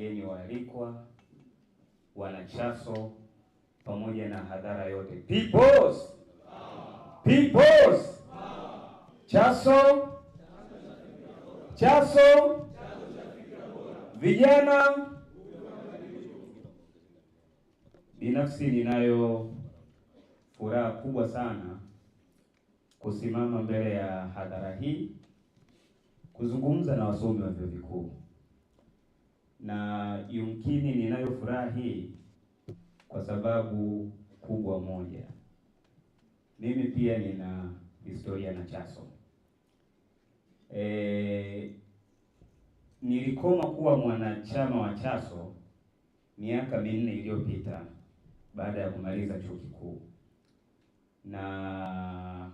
wageni waalikwa, wanachaso pamoja na hadhara yote. Peoples, peoples, chaso, chaso, vijana. Binafsi ninayo furaha kubwa sana kusimama mbele ya hadhara hii kuzungumza na wasomi wa vyuo vikuu na yumkini ninayo furaha hii kwa sababu kubwa moja, mimi pia nina historia na Chaso. E, nilikoma kuwa mwanachama wa Chaso miaka minne iliyopita baada ya kumaliza chuo kikuu na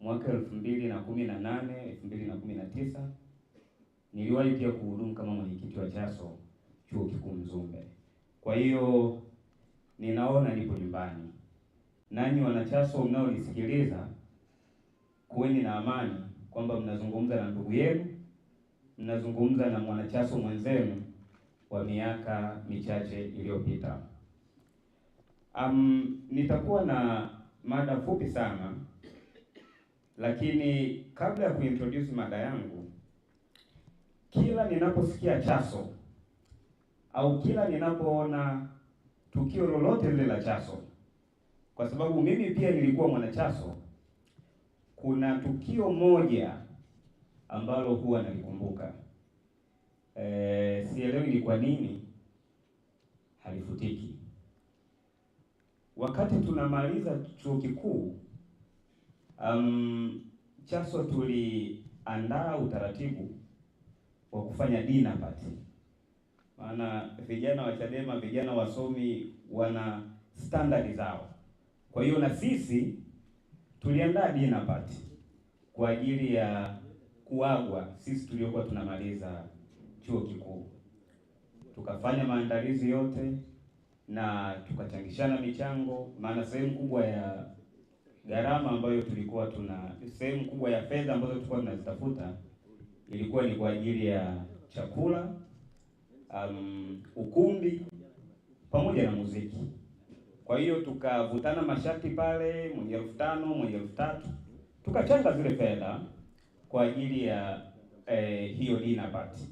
mwaka elfu mbili na kumi na nane elfu mbili na kumi na tisa Niliwahi pia kuhudumu kama mwenyekiti wa CHASO chuo kikuu Mzumbe. Kwa hiyo ninaona nipo nyumbani. Nanyi wanaCHASO mnaonisikiliza, kuweni na amani kwamba mnazungumza na ndugu yenu, mnazungumza na mwanaCHASO mwenzenu wa miaka michache iliyopita. Um, nitakuwa na mada fupi sana, lakini kabla ya kuintroduce mada yangu kila ninaposikia Chaso au kila ninapoona tukio lolote lile la Chaso, kwa sababu mimi pia nilikuwa mwanachaso, kuna tukio moja ambalo huwa nalikumbuka. E, sielewi ni kwa nini halifutiki. Wakati tunamaliza chuo kikuu um, Chaso tuliandaa utaratibu wa kufanya dina party, maana vijana wa Chadema, vijana wasomi wana standard zao. Kwa hiyo na sisi tuliandaa dina party kwa ajili ya kuagwa sisi tuliokuwa tunamaliza chuo kikuu, tukafanya maandalizi yote na tukachangishana michango, maana sehemu kubwa ya gharama ambayo tulikuwa tuna sehemu kubwa ya fedha ambazo tulikuwa tunazitafuta ilikuwa ni kwa ajili ya chakula, um, ukumbi pamoja na muziki. Kwa hiyo tukavutana mashati pale, mwenye elfu tano mwenye elfu tatu tukachanga zile fedha kwa ajili ya eh, hiyo dinner party.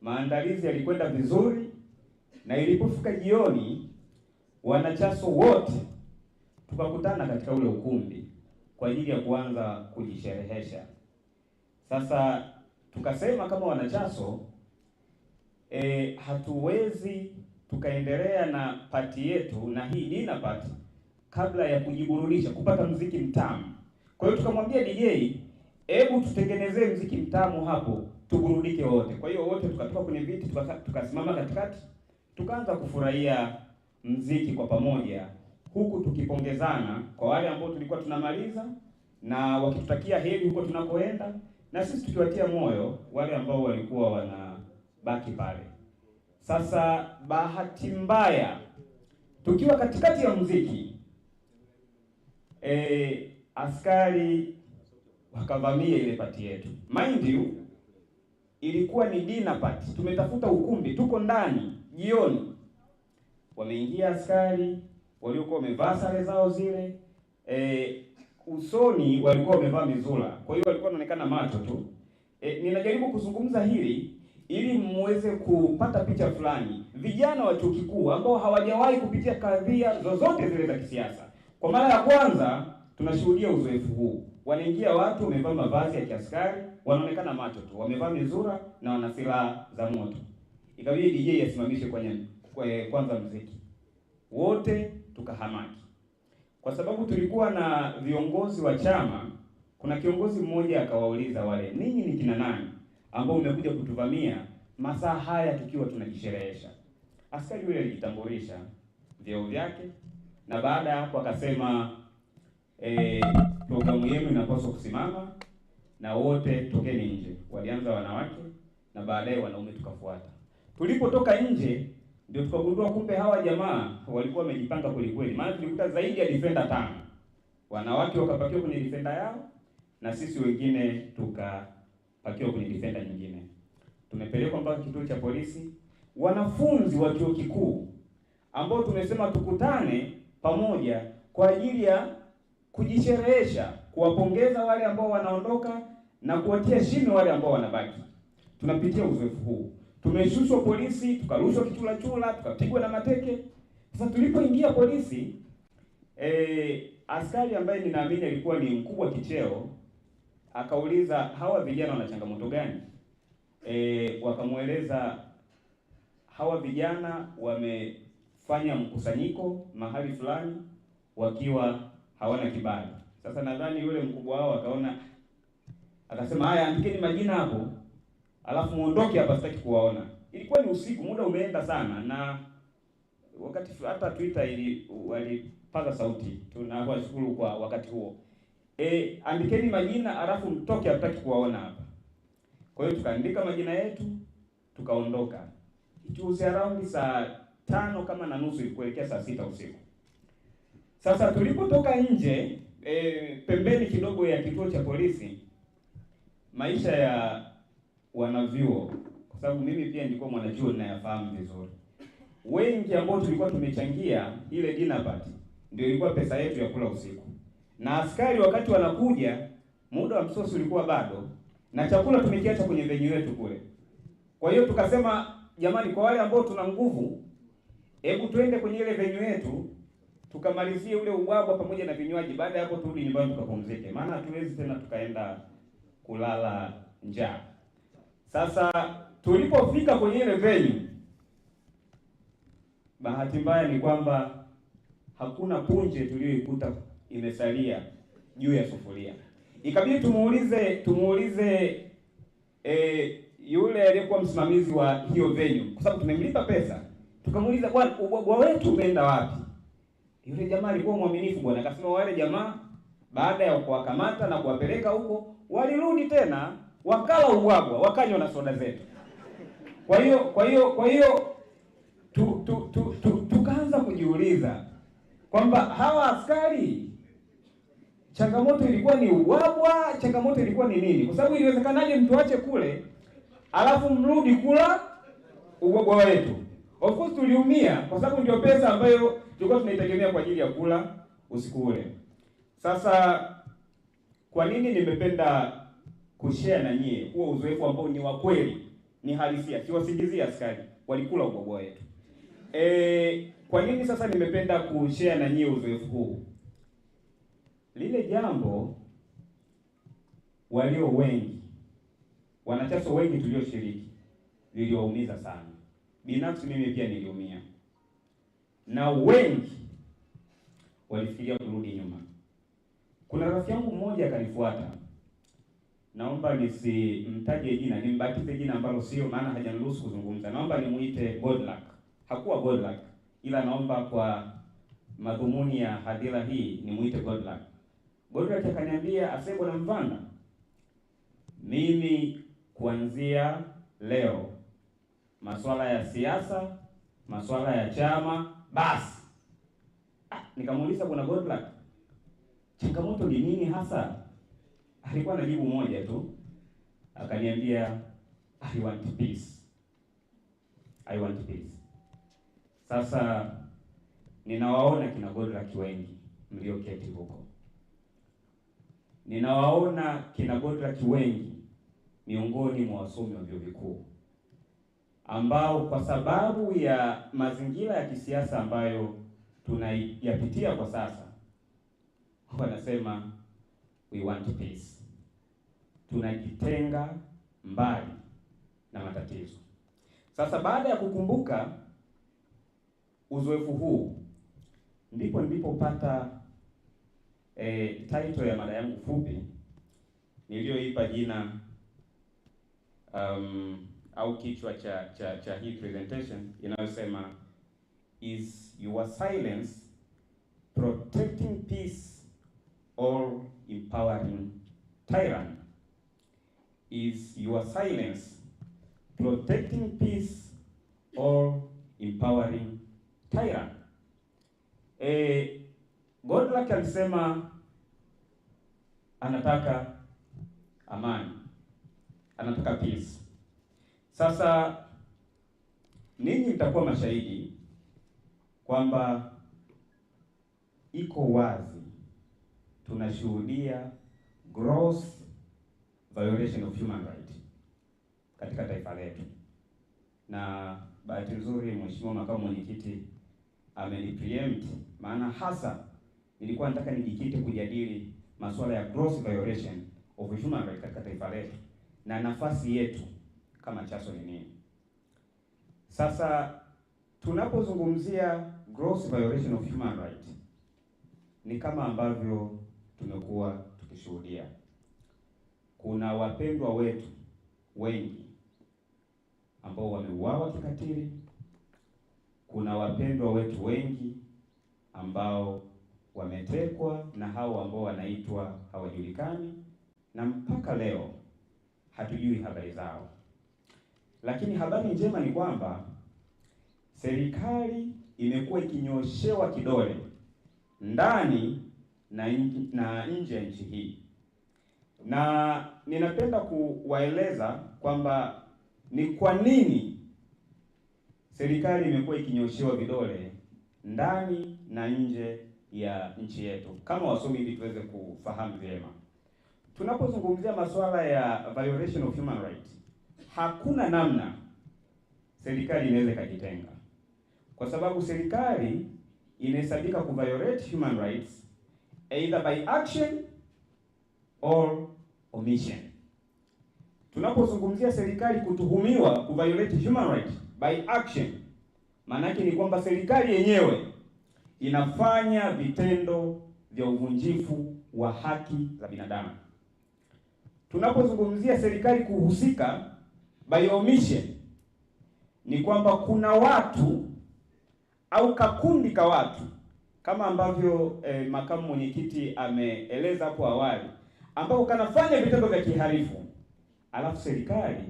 Maandalizi yalikwenda vizuri, na ilipofika jioni, wanachaso wote tukakutana katika ule ukumbi kwa ajili ya kuanza kujisherehesha sasa tukasema kama wanachaso e, hatuwezi tukaendelea na pati yetu na hii dina pati kabla ya kujiburudisha kupata mziki mtamu. Kwa hiyo tukamwambia DJ, hebu tutengenezee mziki mtamu hapo tuburudike wote. Kwa hiyo wote tukatoka kwenye viti tukasimama tuka katikati tukaanza kufurahia mziki kwa pamoja, huku tukipongezana kwa wale ambao tulikuwa tunamaliza na wakitutakia heri huko tunakoenda na sisi tukiwatia moyo wale ambao walikuwa wanabaki pale. Sasa bahati mbaya tukiwa katikati ya muziki e, askari wakavamia ile pati yetu. Mind you ilikuwa ni dinner party, tumetafuta ukumbi, tuko ndani jioni. Wameingia askari waliokuwa wamevaa sare zao zile e, usoni walikuwa wamevaa mizula, kwa hiyo walikuwa wanaonekana macho tu. E, ninajaribu kuzungumza hili ili muweze kupata picha fulani. Vijana wa chuo kikuu ambao hawajawahi kupitia kadhia zozote zile za kisiasa, kwa mara ya kwanza tunashuhudia uzoefu huu. Wanaingia watu wamevaa mavazi ya kiaskari, wanaonekana macho tu, wamevaa mizura na wana silaha za moto. Ikabidi DJ asimamishe kwenye kwanza mziki, wote tukahamaki. Kwa sababu tulikuwa na viongozi wa chama, kuna kiongozi mmoja akawauliza wale, ninyi ni kina nani ambao umekuja kutuvamia masaa haya tukiwa tunajisherehesha? Askari yule alijitambulisha vyeo vyake, na baada ya hapo akasema e, programu yenu inapaswa kusimama na wote tokeni nje. Walianza wanawake na baadaye wanaume tukafuata. Tulipotoka nje ndio tukagundua kumbe hawa jamaa walikuwa wamejipanga kwelikweli, maana tulikuta zaidi ya defender tano wanawake wakapakiwa kwenye defender yao na sisi wengine tukapakiwa kwenye defender nyingine. Tumepelekwa mpaka kituo cha polisi. Wanafunzi wa chuo kikuu ambao tumesema tukutane pamoja kwa ajili ya kujisherehesha, kuwapongeza wale ambao wanaondoka na kuwatia shime wale ambao wanabaki, tunapitia uzoefu huu Tumeshushwa polisi, tukarushwa kichula chula, tukapigwa na mateke. Sasa tulipoingia polisi e, askari ambaye ninaamini alikuwa ni mkubwa kicheo akauliza hawa vijana wana changamoto gani? E, wakamweleza hawa vijana wamefanya mkusanyiko mahali fulani wakiwa hawana kibali. Sasa nadhani yule mkubwa wao akaona, akasema haya, andikeni majina hapo alafu muondoke hapa, sitaki kuwaona. Ilikuwa ni usiku, muda umeenda sana, na wakati hata Twitter ili walipaza sauti, tunawashukuru kwa wakati huo. E, andikeni majina alafu mtoke, hatutaki kuwaona hapa. Kwa hiyo tukaandika majina yetu tukaondoka. It was around saa tano kama na nusu ilikuelekea saa sita usiku. Sasa tulipotoka nje e, pembeni kidogo ya kituo cha polisi maisha ya wanavyuo, kwa sababu mimi pia nilikuwa mwanachuo ninayafahamu vizuri. Wengi ambao tulikuwa tumechangia ile dinner party ndio ilikuwa pesa yetu ya kula usiku, na askari wakati wanakuja, muda wa msosi ulikuwa bado, na chakula tumekiacha kwenye venue yetu kule. Kwa hiyo tukasema, jamani, kwa wale ambao tuna nguvu, hebu tuende kwenye ile venue yetu tukamalizie ule ubwabwa pamoja na vinywaji. Baada ya hapo, turudi nyumbani tukapumzike, maana hatuwezi tena tukaenda kulala njaa. Sasa tulipofika kwenye ile venue, bahati mbaya ni kwamba hakuna punje tuliyoikuta imesalia juu ya sufuria, ikabidi tumuulize tumuulize e, yule aliyekuwa msimamizi wa hiyo venue, kwa sababu tumemlipa pesa. Tukamuuliza, bwana, ubwabwa wetu umeenda wapi? Yule jamaa alikuwa mwaminifu bwana, akasema wale jamaa baada ya kuwakamata na kuwapeleka huko walirudi tena wakala uwagwa, wakanywa na soda zetu. Kwa hiyo kwa hiyo kwa hiyo tu, tu, tu, tu, tukaanza kujiuliza kwamba hawa askari changamoto ilikuwa ni uwagwa, changamoto ilikuwa ni nini? Kwa sababu iliwezekanaje mtu ache kule alafu mrudi kula uwagwa wetu? Of course tuliumia kwa sababu ndio pesa ambayo tulikuwa tunaitegemea kwa ajili ya kula usiku ule. Sasa kwa nini nimependa kushare na nyie huo uzoefu ambao ni wa kweli, ni halisia, kiwasingizia askari, walikula ubwabwa wetu. E, kwa nini sasa nimependa kushare na nyie uzoefu huu? Lile jambo walio wengi wanachaso wengi tulioshiriki liliwaumiza sana. Binafsi mimi pia niliumia, na wengi walifikiria kurudi nyuma. Kuna rafiki yangu mmoja akanifuata naomba nisimtaje jina, nimbatize jina ambalo sio, maana hajaniruhusu kuzungumza. Naomba nimuite Godluck. Hakuwa Godluck, ila naomba kwa madhumuni ya hadhira hii nimuite Godluck. Godluck akaniambia, asembo na Mvana, mimi kuanzia leo masuala ya siasa, masuala ya chama basi. Ah, nikamuuliza bwana Godluck, changamoto ni nini hasa? alikuwa na jibu moja tu, akaniambia I want peace. I want peace. Sasa ninawaona kina Goodluck wengi mlioketi huko, ninawaona kina Goodluck wengi miongoni mwa wasomi wa vyuo vikuu ambao kwa sababu ya mazingira ya kisiasa ambayo tunayapitia kwa sasa, wanasema we want peace. Tunajitenga mbali na matatizo. Sasa baada ya kukumbuka uzoefu huu ndipo nilipopata e, title ya mada yangu fupi niliyoipa jina um, au kichwa cha cha, cha hii presentation inayosema is your silence protecting peace overpowering tyrant. is your silence protecting peace or empowering tyrant? E, Goodluck alisema anataka amani, anataka peace. Sasa ninyi mtakuwa mashahidi kwamba iko wazi tunashuhudia gross violation of human right katika taifa letu, na bahati nzuri mheshimiwa makamu mwenyekiti amenipreempt, maana hasa nilikuwa nataka nijikite kujadili masuala ya gross violation of human right katika taifa letu na nafasi yetu kama CHASO ni nini. Sasa tunapozungumzia gross violation of human right ni kama ambavyo tumekuwa tukishuhudia. Kuna wapendwa wetu wengi ambao wameuawa kikatili. Kuna wapendwa wetu wengi ambao wametekwa na hao ambao wanaitwa hawajulikani, na mpaka leo hatujui habari zao. Lakini habari njema ni kwamba serikali imekuwa ikinyoshewa kidole ndani na nje, na nje ya nchi hii, na ninapenda kuwaeleza kwamba ni kwa nini serikali imekuwa ikinyoshewa vidole ndani na nje ya nchi yetu, kama wasomi ili tuweze kufahamu vyema. Tunapozungumzia masuala ya violation of human rights, hakuna namna serikali inaweza ikajitenga, kwa sababu serikali inahesabika kuviolate human rights either by action or omission. Tunapozungumzia serikali kutuhumiwa violate human right by action, maana yake ni kwamba serikali yenyewe inafanya vitendo vya uvunjifu wa haki za binadamu. Tunapozungumzia serikali kuhusika by omission, ni kwamba kuna watu au kakundi ka watu kama ambavyo eh, makamu mwenyekiti ameeleza hapo awali, ambao kanafanya vitendo vya kiharifu alafu serikali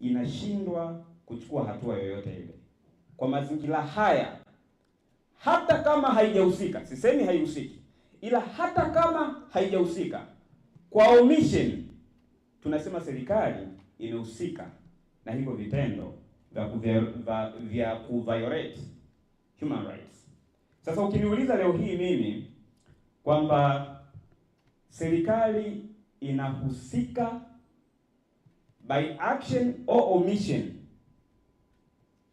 inashindwa kuchukua hatua yoyote ile. Kwa mazingira haya, hata kama haijahusika, sisemi haihusiki, ila hata kama haijahusika kwa omission, tunasema serikali imehusika na hivyo vitendo vya kuviolate human rights. Sasa ukiniuliza leo hii mimi kwamba serikali inahusika by action or omission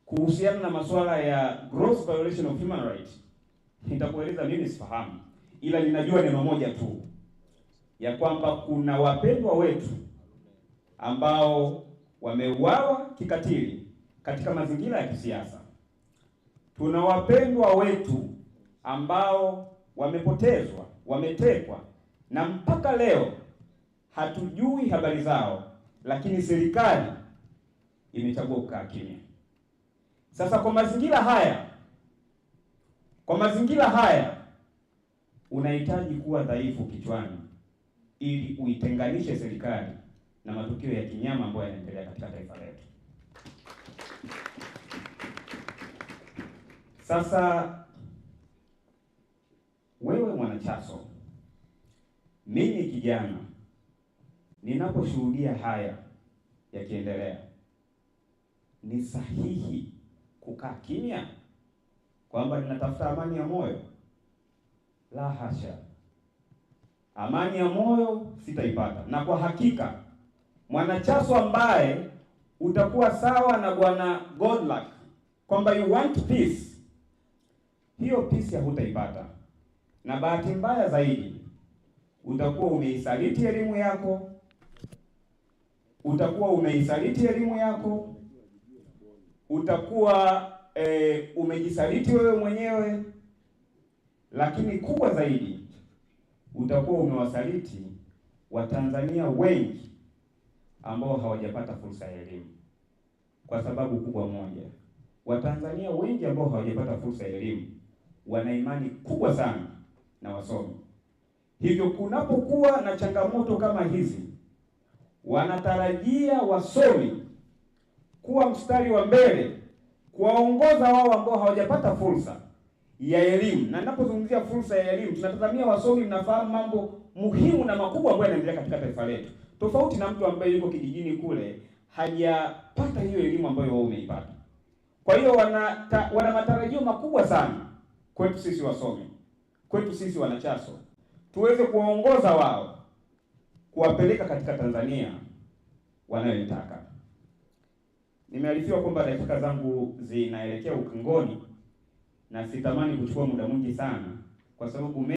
kuhusiana na masuala ya gross violation of human rights, nitakueleza mimi sifahamu, ila ninajua neno moja tu ya kwamba kuna wapendwa wetu ambao wameuawa kikatili katika mazingira ya kisiasa. Tuna wapendwa wetu ambao wamepotezwa, wametekwa na mpaka leo hatujui habari zao, lakini serikali imechagua kukaa kimya. Sasa kwa mazingira haya, kwa mazingira haya unahitaji kuwa dhaifu kichwani ili uitenganishe serikali na matukio ya kinyama ambayo yanaendelea katika taifa letu. Sasa Mchaso. Mimi kijana ninaposhuhudia haya yakiendelea, ni sahihi kukaa kimya kwamba ninatafuta amani ya moyo? La hasha, amani ya moyo sitaipata, na kwa hakika mwanachaso ambaye utakuwa sawa na bwana Godluck kwamba you want peace, hiyo peace hutaipata na bahati mbaya zaidi utakuwa umeisaliti elimu yako, utakuwa umeisaliti elimu yako, utakuwa e, umejisaliti wewe mwenyewe, lakini kubwa zaidi utakuwa umewasaliti Watanzania wengi ambao hawajapata fursa ya elimu, kwa sababu kubwa moja, Watanzania wengi ambao hawajapata fursa ya elimu wana imani kubwa sana na wasomi. Hivyo kunapokuwa na changamoto kama hizi, wanatarajia wasomi kuwa mstari wa mbele kuwaongoza wao ambao hawajapata fursa ya elimu. Na ninapozungumzia fursa ya elimu, tunatazamia wasomi, mnafahamu mambo muhimu na makubwa ambayo yanaendelea katika taifa letu, tofauti na mtu ambaye yuko kijijini kule hajapata hiyo elimu ambayo wao umeipata. Kwa hiyo wana, wana matarajio makubwa sana kwetu sisi wasomi kwetu sisi wanachaso tuweze kuwaongoza wao kuwapeleka katika Tanzania wanayoitaka. Nimearifiwa kwamba dakika zangu zinaelekea ukingoni na sitamani kuchukua muda mwingi sana kwa sababu